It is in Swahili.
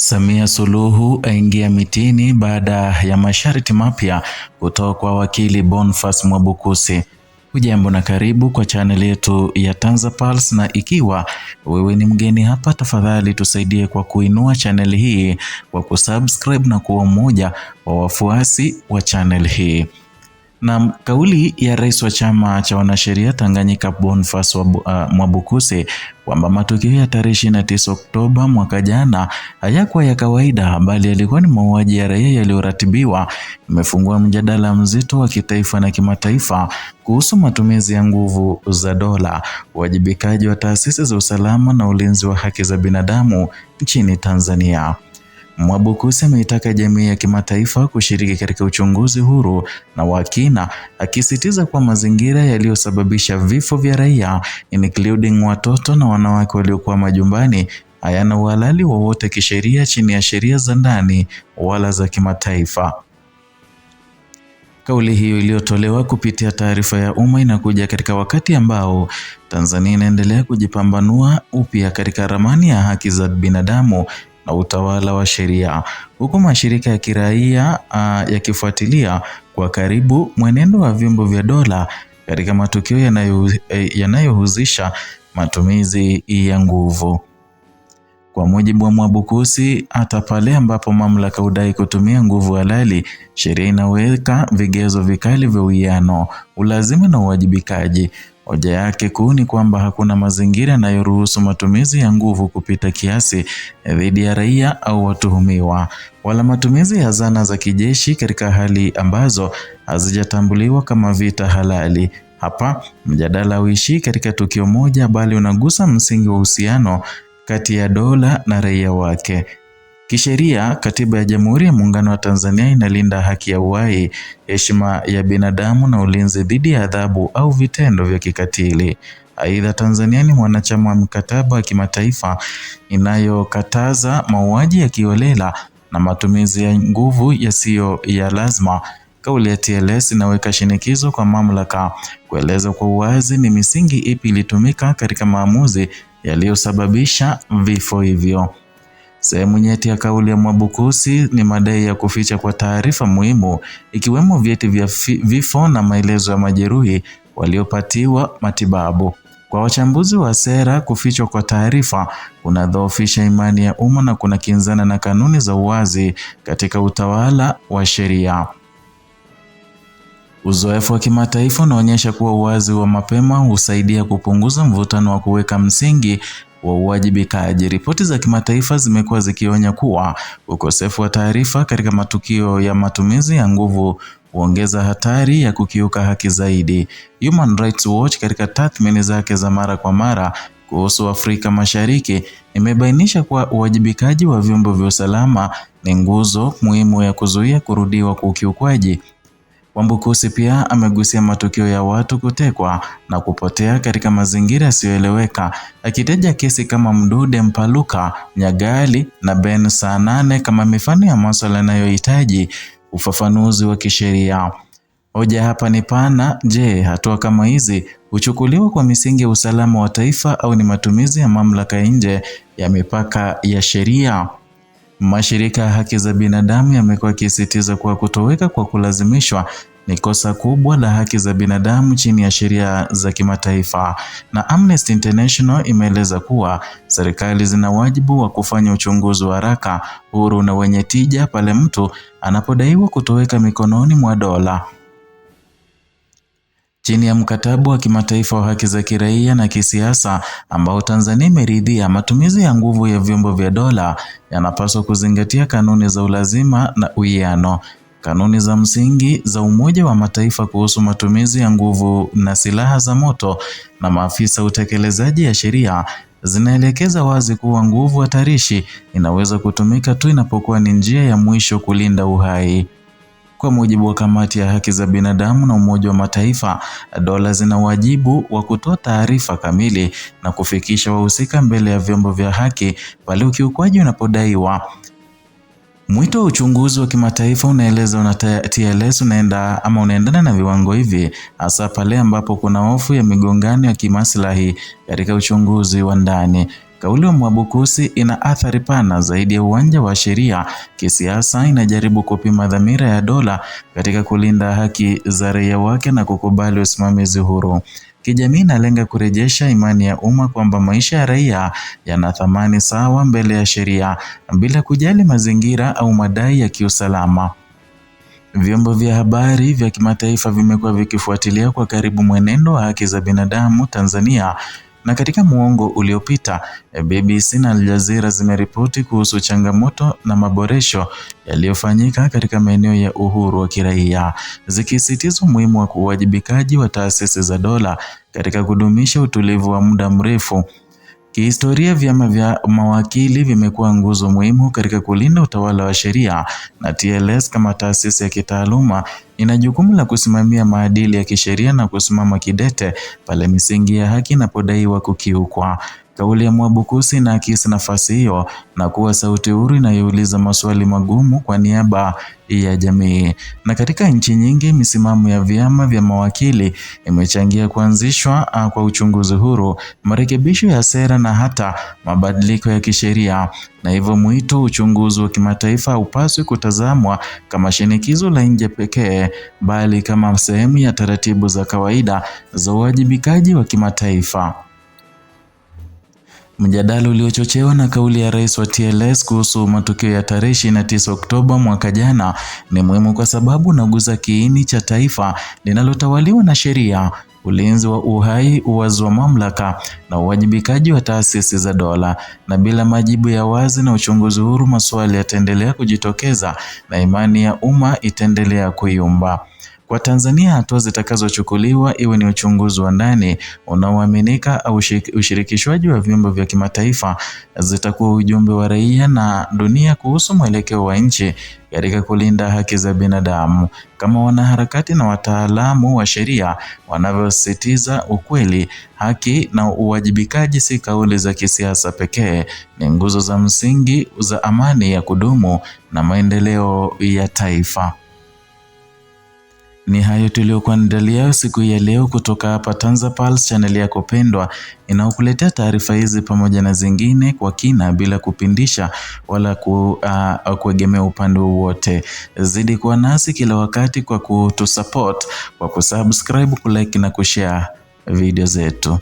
Samia Suluhu aingia mitini baada ya masharti mapya kutoka kwa wakili Boniface Mwabukusi. Hujambo na karibu kwa chaneli yetu ya Tanza Pulse, na ikiwa wewe ni mgeni hapa, tafadhali tusaidie kwa kuinua chaneli hii kwa kusubscribe na kuwa mmoja wa wafuasi wa chaneli hii. Na kauli ya rais wa chama cha wanasheria Tanganyika Boniface uh, Mwabukuse kwamba matukio ya tarehe 29 Oktoba mwaka jana hayakuwa ya kawaida bali yalikuwa ni mauaji ya raia yaliyoratibiwa imefungua mjadala mzito wa kitaifa na kimataifa kuhusu matumizi ya nguvu za dola, uwajibikaji wa taasisi za usalama na ulinzi wa haki za binadamu nchini Tanzania. Mwabukusi ameitaka jamii ya kimataifa kushiriki katika uchunguzi huru na wa kina, akisitiza kuwa mazingira yaliyosababisha vifo vya raia including watoto na wanawake waliokuwa majumbani hayana uhalali wowote kisheria chini ya sheria za ndani wala za kimataifa. Kauli hiyo iliyotolewa kupitia taarifa ya umma inakuja katika wakati ambao Tanzania inaendelea kujipambanua upya katika ramani ya haki za binadamu na utawala wa sheria, huku mashirika ya kiraia yakifuatilia kwa karibu mwenendo wa vyombo vya dola katika matukio e, yanayohusisha yanayo matumizi ya nguvu. Kwa mujibu wa Mwabukusi, hata pale ambapo mamlaka hudai kutumia nguvu halali, sheria inaweka vigezo vikali vya uwiano, ulazima na uwajibikaji Hoja yake kuu ni kwamba hakuna mazingira yanayoruhusu matumizi ya nguvu kupita kiasi eh, dhidi ya raia au watuhumiwa, wala matumizi ya zana za kijeshi katika hali ambazo hazijatambuliwa kama vita halali. Hapa mjadala hauishii katika tukio moja, bali unagusa msingi wa uhusiano kati ya dola na raia wake. Kisheria, katiba ya Jamhuri ya Muungano wa Tanzania inalinda haki ya uhai, heshima ya binadamu na ulinzi dhidi ya adhabu au vitendo vya kikatili. Aidha, Tanzania ni mwanachama wa mkataba wa kimataifa inayokataza mauaji ya kiolela na matumizi ya nguvu yasiyo ya lazima. Kauli ya TLS inaweka shinikizo kwa mamlaka kueleza kwa uwazi ni misingi ipi ilitumika katika maamuzi yaliyosababisha vifo hivyo. Sehemu nyeti ya kauli ya Mwabukusi ni madai ya kuficha kwa taarifa muhimu ikiwemo vyeti vya vifo na maelezo ya majeruhi waliopatiwa matibabu. Kwa wachambuzi wa sera, kufichwa kwa taarifa kunadhoofisha imani ya umma na kunakinzana na kanuni za uwazi katika utawala wa sheria. Uzoefu wa kimataifa unaonyesha kuwa uwazi wa mapema husaidia kupunguza mvutano wa kuweka msingi wa uwajibikaji. Ripoti za kimataifa zimekuwa zikionya kuwa ukosefu wa taarifa katika matukio ya matumizi ya nguvu huongeza hatari ya kukiuka haki zaidi. Human Rights Watch katika tathmini zake za mara kwa mara kuhusu Afrika Mashariki imebainisha kuwa uwajibikaji wa vyombo vya usalama ni nguzo muhimu ya kuzuia kurudiwa kwa ukiukwaji Wambukusi pia amegusia matukio ya watu kutekwa na kupotea katika mazingira yasiyoeleweka akitaja kesi kama Mdude Mpaluka, Nyagali na Ben Saanane kama mifano ya masuala yanayohitaji ufafanuzi wa kisheria. Hoja hapa ni pana. Je, hatua kama hizi huchukuliwa kwa misingi ya usalama wa taifa au ni matumizi ya mamlaka nje ya mipaka ya sheria? Mashirika ya haki za binadamu yamekuwa yakisisitiza kuwa kutoweka kwa kulazimishwa ni kosa kubwa la haki za binadamu chini ya sheria za kimataifa. Na Amnesty International imeeleza kuwa serikali zina wajibu wa kufanya uchunguzi wa haraka, huru na wenye tija pale mtu anapodaiwa kutoweka mikononi mwa dola chini ya mkataba wa kimataifa wa haki za kiraia na kisiasa ambao Tanzania imeridhia, matumizi ya nguvu ya vyombo vya dola yanapaswa kuzingatia kanuni za ulazima na uwiano, kanuni za msingi za Umoja wa Mataifa kuhusu matumizi ya nguvu na silaha za moto, na maafisa utekelezaji ya sheria zinaelekeza wazi kuwa nguvu hatarishi inaweza kutumika tu inapokuwa ni njia ya mwisho kulinda uhai. Kwa mujibu wa kamati ya haki za binadamu na Umoja wa Mataifa, dola zina wajibu wa kutoa taarifa kamili na kufikisha wahusika mbele ya vyombo vya haki pale ukiukwaji unapodaiwa. Mwito wa uchunguzi wa kimataifa unaeleza na TLS unaenda ama unaendana na viwango hivi hasa pale ambapo kuna hofu ya migongano ya kimaslahi katika uchunguzi wa ndani. Kauli ya Mwabukusi ina athari pana zaidi ya uwanja wa sheria. Kisiasa inajaribu kupima dhamira ya dola katika kulinda haki za raia wake na kukubali usimamizi huru. Kijamii inalenga kurejesha imani ya umma kwamba maisha ya raia yana thamani sawa mbele ya sheria bila kujali mazingira au madai ya kiusalama. Vyombo vya habari vya kimataifa vimekuwa vikifuatilia kwa karibu mwenendo wa haki za binadamu Tanzania na katika muongo uliopita, eh, BBC na Aljazira zimeripoti kuhusu changamoto na maboresho yaliyofanyika katika maeneo ya uhuru wa kiraia, zikisisitiza umuhimu wa uwajibikaji wa taasisi za dola katika kudumisha utulivu wa muda mrefu Kihistoria, vyama vya mawakili vimekuwa nguzo muhimu katika kulinda utawala wa sheria na TLS kama taasisi ya kitaaluma ina jukumu la kusimamia maadili ya kisheria na kusimama kidete pale misingi ya haki inapodaiwa kukiukwa. Kauli ya Mwabukusi inaakisi nafasi hiyo na kuwa sauti huru inayouliza maswali magumu kwa niaba ya jamii. Na katika nchi nyingi, misimamo ya vyama vya mawakili imechangia kuanzishwa ah, kwa uchunguzi huru, marekebisho ya sera na hata mabadiliko ya kisheria, na hivyo mwito uchunguzi wa kimataifa haupaswi kutazamwa kama shinikizo la nje pekee, bali kama sehemu ya taratibu za kawaida za uwajibikaji wa kimataifa. Mjadala uliochochewa na kauli ya rais wa TLS kuhusu matukio ya tarehe 29 Oktoba mwaka jana ni muhimu kwa sababu unaguza kiini cha taifa linalotawaliwa na sheria, ulinzi wa uhai, uwazi wa mamlaka na uwajibikaji wa taasisi za dola. Na bila majibu ya wazi na uchunguzi huru, maswali yataendelea kujitokeza na imani ya umma itaendelea kuyumba kwa Tanzania hatua zitakazochukuliwa iwe ni uchunguzi wa ndani unaoaminika au ushirikishwaji wa vyombo vya kimataifa zitakuwa ujumbe wa raia na dunia kuhusu mwelekeo wa nchi katika kulinda haki za binadamu, kama wanaharakati na wataalamu wa sheria wanavyosisitiza, ukweli, haki na uwajibikaji si kauli za kisiasa pekee, ni nguzo za msingi za amani ya kudumu na maendeleo ya taifa. Ni hayo tuliyokuandalia siku ya leo kutoka hapa Pulse, channel ya kupendwa inaokuletea taarifa hizi pamoja na zingine kwa kina bila kupindisha wala ku, uh, kuegemea upande wowote. Zidi kuwa nasi kila wakati kwa kutusupport kwa kusubscribe, kulike na kushare video zetu.